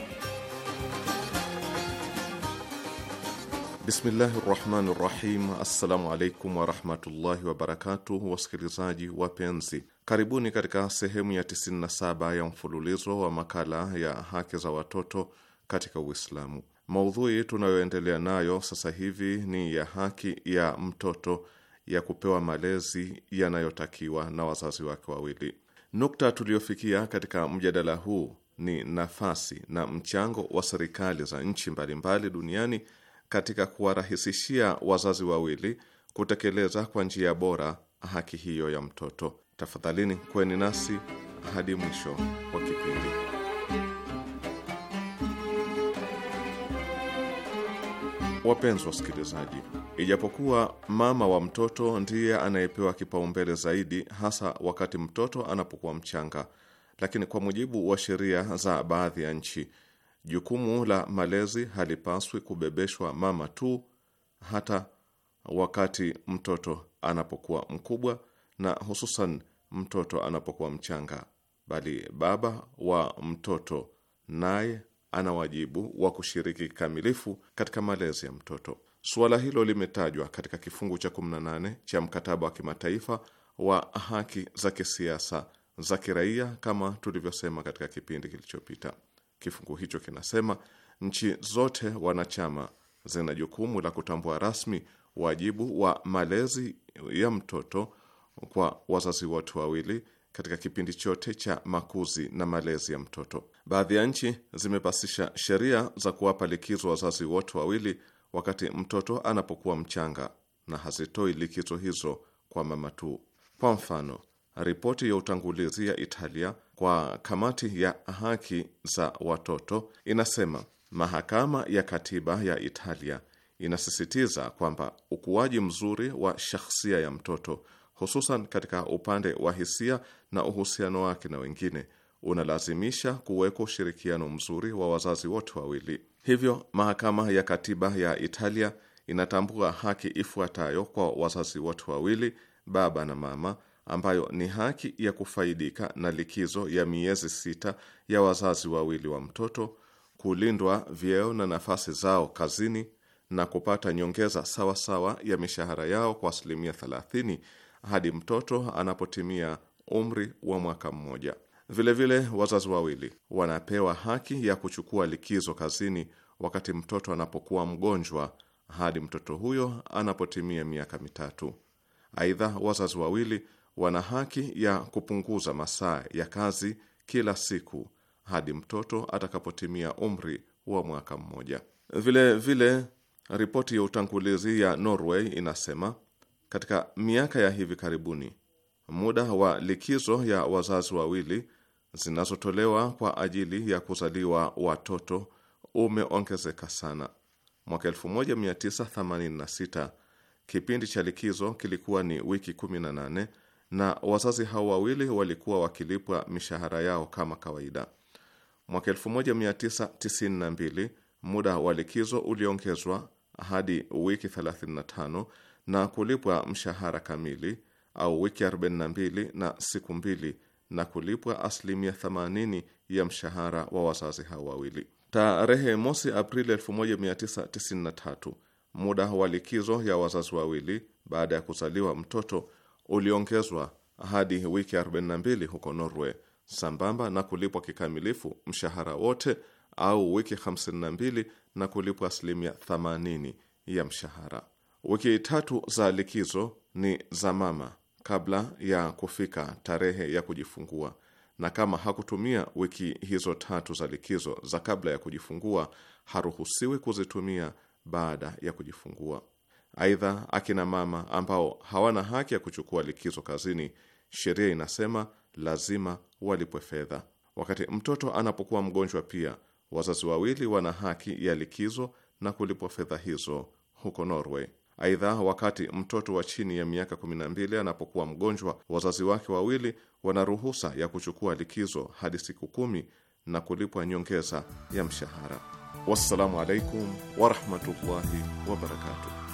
Bismillahi rahmani rahim. Assalamu alaikum warahmatullahi wabarakatuh. Wasikilizaji wapenzi, karibuni katika sehemu ya 97 ya mfululizo wa makala ya haki za watoto katika Uislamu. Maudhui tunayoendelea nayo sasa hivi ni ya haki ya mtoto ya kupewa malezi yanayotakiwa na wazazi wake wawili. Nukta tuliyofikia katika mjadala huu ni nafasi na mchango wa serikali za nchi mbalimbali duniani katika kuwarahisishia wazazi wawili kutekeleza kwa njia bora haki hiyo ya mtoto. Tafadhalini kweni nasi hadi mwisho wa kipindi. Wapenzi wasikilizaji, ijapokuwa mama wa mtoto ndiye anayepewa kipaumbele zaidi, hasa wakati mtoto anapokuwa mchanga, lakini kwa mujibu wa sheria za baadhi ya nchi, jukumu la malezi halipaswi kubebeshwa mama tu, hata wakati mtoto anapokuwa mkubwa na hususan mtoto anapokuwa mchanga, bali baba wa mtoto naye ana wajibu wa kushiriki kikamilifu katika malezi ya mtoto. Suala hilo limetajwa katika kifungu cha 18 cha mkataba wa kimataifa wa haki za kisiasa za kiraia, kama tulivyosema katika kipindi kilichopita. Kifungu hicho kinasema nchi zote wanachama zina jukumu la kutambua rasmi wajibu wa malezi ya mtoto kwa wazazi wote wawili katika kipindi chote cha makuzi na malezi ya mtoto. Baadhi ya nchi zimepasisha sheria za kuwapa likizo wazazi wote wawili wakati mtoto anapokuwa mchanga na hazitoi likizo hizo kwa mama tu. Kwa mfano, ripoti ya utangulizi ya Italia kwa kamati ya haki za watoto inasema mahakama ya katiba ya Italia inasisitiza kwamba ukuaji mzuri wa shakhsia ya mtoto hususan katika upande wa hisia na uhusiano wake na wengine unalazimisha kuwekwa ushirikiano mzuri wa wazazi wote wawili. Hivyo, mahakama ya katiba ya Italia inatambua haki ifuatayo kwa wazazi wote wawili, baba na mama, ambayo ni haki ya kufaidika na likizo ya miezi sita ya wazazi wawili wa mtoto, kulindwa vyeo na nafasi zao kazini, na kupata nyongeza sawasawa ya mishahara yao kwa asilimia thelathini hadi mtoto anapotimia umri wa mwaka mmoja. Vilevile vile, wazazi wawili wanapewa haki ya kuchukua likizo kazini wakati mtoto anapokuwa mgonjwa hadi mtoto huyo anapotimia miaka mitatu. Aidha, wazazi wawili wana haki ya kupunguza masaa ya kazi kila siku hadi mtoto atakapotimia umri wa mwaka mmoja. Vile vile, ripoti ya utangulizi ya Norway inasema katika miaka ya hivi karibuni, muda wa likizo ya wazazi wawili zinazotolewa kwa ajili ya kuzaliwa watoto umeongezeka sana. Mwaka 1986 kipindi cha likizo kilikuwa ni wiki 18 na wazazi hao wawili walikuwa wakilipwa mishahara yao kama kawaida. Mwaka 1992 muda wa likizo uliongezwa hadi wiki 35 na kulipwa mshahara kamili au wiki 42 na siku mbili na kulipwa asilimia 80 ya mshahara wa wazazi hao wawili. Tarehe mosi Aprili 1993 muda wa likizo ya wazazi wawili baada ya kuzaliwa mtoto uliongezwa hadi wiki 42 huko Norway, sambamba na kulipwa kikamilifu mshahara wote au wiki 52 na kulipwa asilimia 80 ya mshahara. Wiki tatu za likizo ni za mama kabla ya kufika tarehe ya kujifungua, na kama hakutumia wiki hizo tatu za likizo za kabla ya kujifungua haruhusiwi kuzitumia baada ya kujifungua. Aidha, akina mama ambao hawana haki ya kuchukua likizo kazini, sheria inasema lazima walipwe fedha. Wakati mtoto anapokuwa mgonjwa, pia wazazi wawili wana haki ya likizo na kulipwa fedha hizo huko Norway. Aidha, wakati mtoto wa chini ya miaka 12 anapokuwa mgonjwa, wazazi wake wawili wana ruhusa ya kuchukua likizo hadi siku kumi na kulipwa nyongeza ya mshahara. Wassalamu alaikum warahmatullahi wabarakatuh.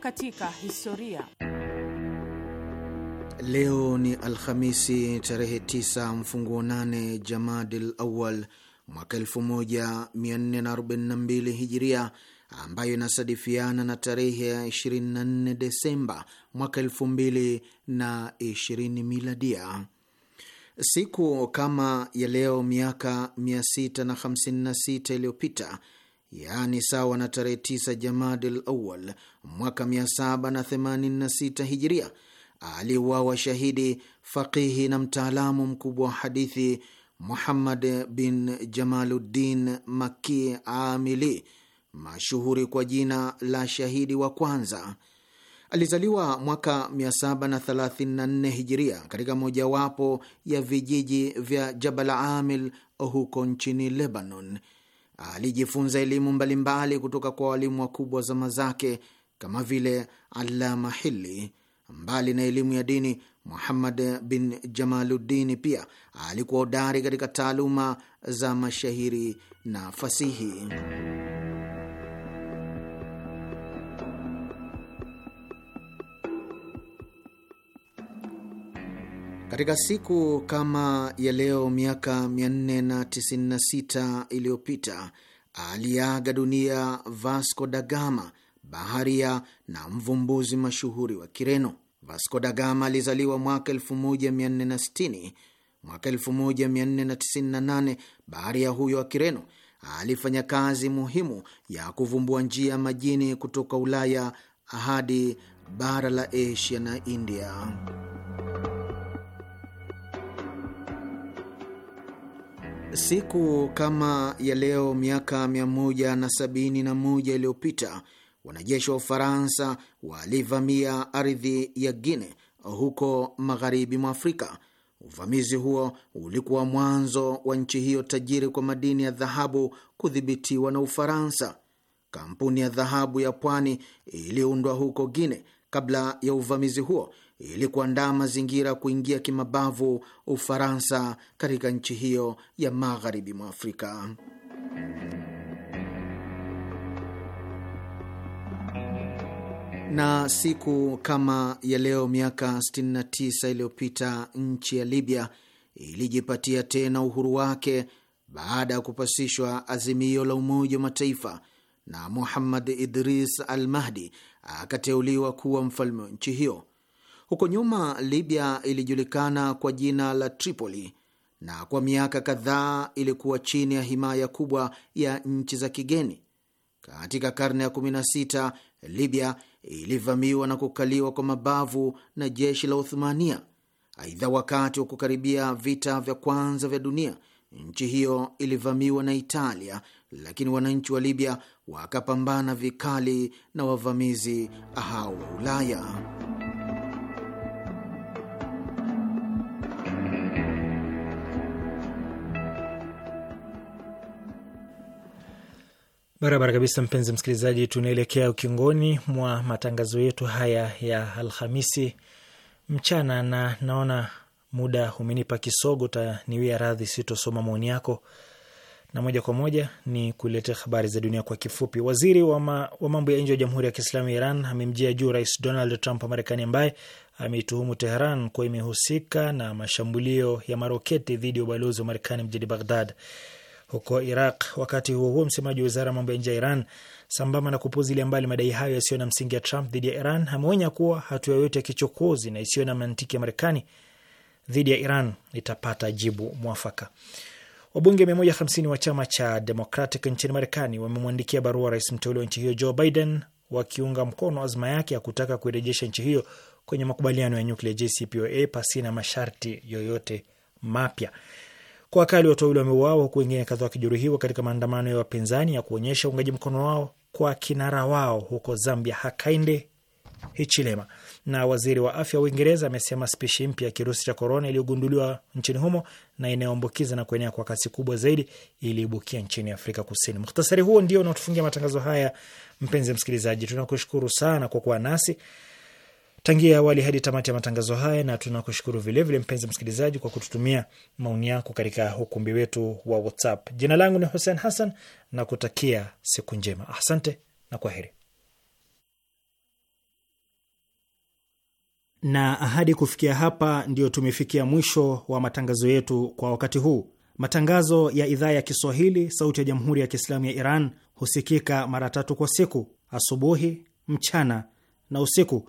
katika historia. Leo ni Alhamisi tarehe 9 mfunguo 8 Jamadil Awal mwaka 1442 Hijiria, ambayo inasadifiana na tarehe ya 24 Desemba mwaka 2020 Miladia. Siku kama ya leo miaka 656 iliyopita yaani sawa na tarehe 9 Jamadil Awal mwaka 786 Hijiria, aliuawa shahidi faqihi na mtaalamu mkubwa wa hadithi Muhammad bin Jamaluddin Maki Amili, mashuhuri kwa jina la Shahidi wa Kwanza. Alizaliwa mwaka 734 Hijiria katika mojawapo ya vijiji vya Jabal Amil huko nchini Lebanon alijifunza elimu mbalimbali kutoka kwa walimu wakubwa wa zama zake kama vile Allama Hili. Mbali na elimu ya dini, Muhammad bin jamaludini pia alikuwa hodari katika taaluma za mashahiri na fasihi. Katika siku kama ya leo miaka 496 iliyopita aliaga dunia Vasco da Gama, baharia na mvumbuzi mashuhuri wa Kireno. Vasco da Gama alizaliwa mwaka 1460. Mwaka 1498 baharia huyo wa Kireno alifanya kazi muhimu ya kuvumbua njia majini kutoka Ulaya hadi bara la Asia na India. Siku kama ya leo miaka 171 iliyopita wanajeshi wa Ufaransa walivamia ardhi ya Guine huko magharibi mwa Afrika. Uvamizi huo ulikuwa mwanzo wa nchi hiyo tajiri kwa madini ya dhahabu kudhibitiwa na Ufaransa. Kampuni ya dhahabu ya pwani iliundwa huko Guine kabla ya uvamizi huo ili kuandaa mazingira kuingia kimabavu Ufaransa katika nchi hiyo ya magharibi mwa Afrika. Na siku kama ya leo miaka 69 iliyopita nchi ya Libya ilijipatia tena uhuru wake baada ya kupasishwa azimio la Umoja wa Mataifa na Muhammad Idris al Mahdi akateuliwa kuwa mfalme wa nchi hiyo. Huko nyuma Libya ilijulikana kwa jina la Tripoli na kwa miaka kadhaa ilikuwa chini ya himaya kubwa ya nchi za kigeni. Katika karne ya 16 Libya ilivamiwa na kukaliwa kwa mabavu na jeshi la Uthmania. Aidha, wakati wa kukaribia vita vya kwanza vya dunia, nchi hiyo ilivamiwa na Italia, lakini wananchi wa Libya wakapambana vikali na wavamizi hao wa Ulaya. Barabara kabisa, mpenzi msikilizaji, tunaelekea ukingoni mwa matangazo yetu haya ya Alhamisi mchana, na naona muda umenipa kisogo, taniwia radhi, sitosoma maoni yako na moja kwa moja ni kuletea habari za dunia kwa kifupi. Waziri wa, ma, wa mambo ya nje wa Jamhuri ya Kiislamu ya Iran amemjia juu Rais Donald Trump wa Marekani, ambaye ameituhumu Teheran kuwa imehusika na mashambulio ya maroketi dhidi ya ubalozi wa Marekani mjini Baghdad huko Iraq. Wakati huo huo, msemaji wa wizara ya mambo ya nje ya Iran, sambamba na kupuzilia mbali madai hayo yasiyo na msingi ya Trump dhidi ya Iran, ameonya kuwa hatua yoyote ya kichokozi na isiyo na mantiki ya Marekani dhidi ya Iran itapata jibu mwafaka. Wabunge 150 wa chama cha Democratic nchini Marekani wamemwandikia barua rais mteule wa nchi hiyo Joe Biden wakiunga mkono azma yake ya kutaka kuirejesha nchi hiyo kwenye makubaliano ya nyuklia JCPOA pasina masharti yoyote mapya. Kwa wakali watu wawili wameuawa huku wengine kadhaa wakijeruhiwa katika maandamano ya wapinzani ya kuonyesha uungaji mkono wao kwa kinara wao huko Zambia, Hakainde Hichilema. Na waziri wa afya wa Uingereza amesema spishi mpya ya kirusi cha korona iliyogunduliwa nchini humo na inayoambukiza na kuenea kwa kasi kubwa zaidi iliibukia nchini Afrika Kusini. Mukhtasari huo ndio unaotufungia matangazo haya. Mpenzi msikilizaji, tunakushukuru sana kwa kuwa nasi tangia awali hadi tamati ya matangazo haya, na tunakushukuru vilevile mpenzi msikilizaji kwa kututumia maoni yako katika ukumbi wetu wa WhatsApp. Jina langu ni Hussein Hassan na kutakia siku njema. Asante na kwa heri Na ahadi kufikia hapa, ndiyo tumefikia mwisho wa matangazo yetu kwa wakati huu. Matangazo ya idhaa ya Kiswahili sauti ya Jamhuri ya Kiislamu ya Iran husikika mara tatu kwa siku: asubuhi, mchana na usiku